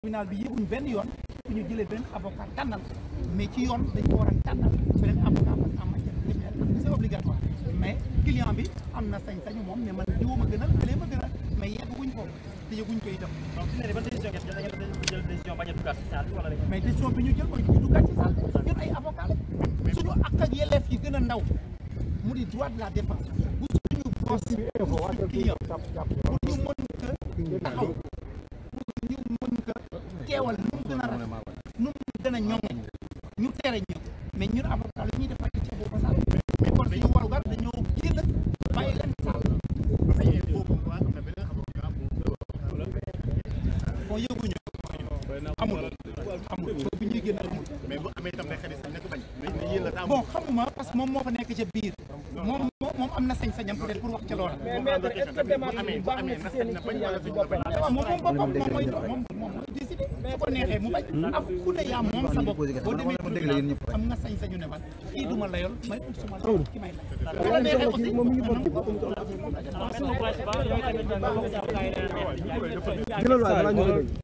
tribunal bi yëguñu benn yoon su ñu jëlee benn mais ci yoon dañ ko war a tànnal beneen bi am na sañ-sañu moom ne man diw ma gënal këlee ma gënal mais yegguñ ko te yegguñ koy def. donc su ñu a duggaat ci bi wala mais décision bi ñu jël mooy duggaat ci salle bi ñun ay avocat suñu ak ak yelleef yi gën a ndaw mu di droit de la défense bu suñu procès bu client pour ñu mën taxaw. teewal nu mu gën a rafet nu mu gën a ñoŋ ñu teel a ñëw mais ñun avocat li ñuy def ak ceeb boobu sax mais kon suñu waru gar dañoo génn bàyyi leen saal bon yëguñu amul amul soo bu ñuy génn amul mais bu xamuma parce moom moo fa nekk ca biir moom moom am na sañ-sañam peut-être pour wax ca loola. mais mais est-ce que démarche bi baax na si seen i client si boppam. waaw moom moom boppam moom mooy moom moom mooy décider su ko neexee mu bañ. Hmm. ak ku ne yaa moom sa bopp boo demee tribunal am nga sañ-sañu ne man kii du ma layool may ut suma layool ki may layool. ku la neexee aussi moom ñu bokk ko. jëlal waay balaa ñu ko dégg.